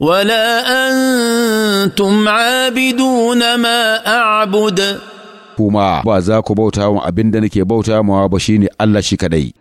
Wala an tumma bi duuna Kuma ba za ku bauta wa abin da nake bauta mawa ba shi ne Allah shi kaɗai!